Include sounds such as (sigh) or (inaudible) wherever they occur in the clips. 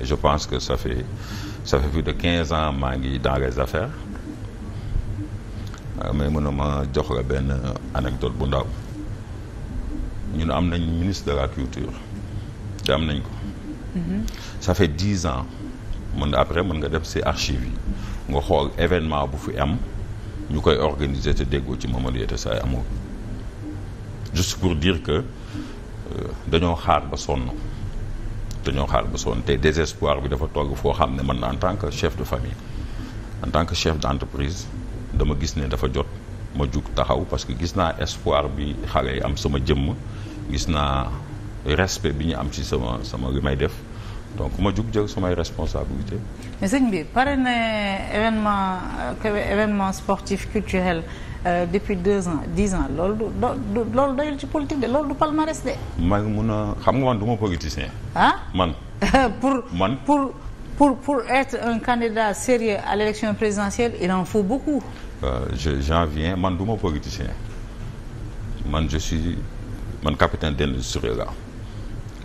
je pense que ça fait ça de quinze ans maa ngi dans les affaires euh, mais mën na ma jox la benn anecdote bu ndaw ñun am nañ ministre de la culture te am nañ ko. Mhm. ça fait dix ans mën après mën nga def si archives yi nga xool événement bu fi am ñu koy organiser te déggoo ci Mamadou Yatassay amul juste pour diir que euh, dañoo xaar ba sonn. dañoo xaar bu sonn te désespoir bi dafa togg foo xam ne man en tant que chef de famille en tant que chef d'entreprise dama gis ne dafa jot ma jug taxaw parce que gis naa espoir bi xale yi am sama jëmm gis naa respect bi ñu am ci sama sama li may def donc ma jug jël samay responsabilité mais sëñ bi pare na événement événement sportif culturel euh, depuis deux ans dix ans loolu du loolu doyul ci politique de loolu du palmarès de. maa ngi mun a xam nga man du ma politicien. ah man. (laughs) pour man pour pour pour être un candidat sérieux à l'élection présidentielle il en faut beaucoup. Euh, je j'en viens man du ma politicien man je suis man capitaine d'industriel la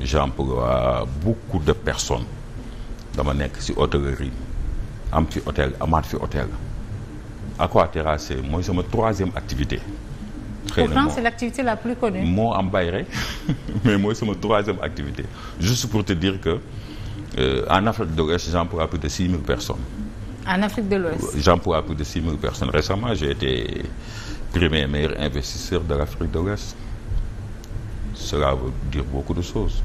j'emploie beaucoup de personnes dama nekk si hôtellerie am fi hôtel amaat fi hôtel aquaterrasse mooy sama troisième activité. xëy na c'est l'activité la plus connue. moo am bay (laughs) mais mooy sama troisième activité juste pour te dire que euh, en Afrique de l'Ouest j'emploie plus de six mille personnes. en Afrique de l'Ouest j'emploie plus de six mille personnes récemment j'ai été premier meilleur investisseur de l'Afrique de l'Ouest. Cela veut dire ku du choses.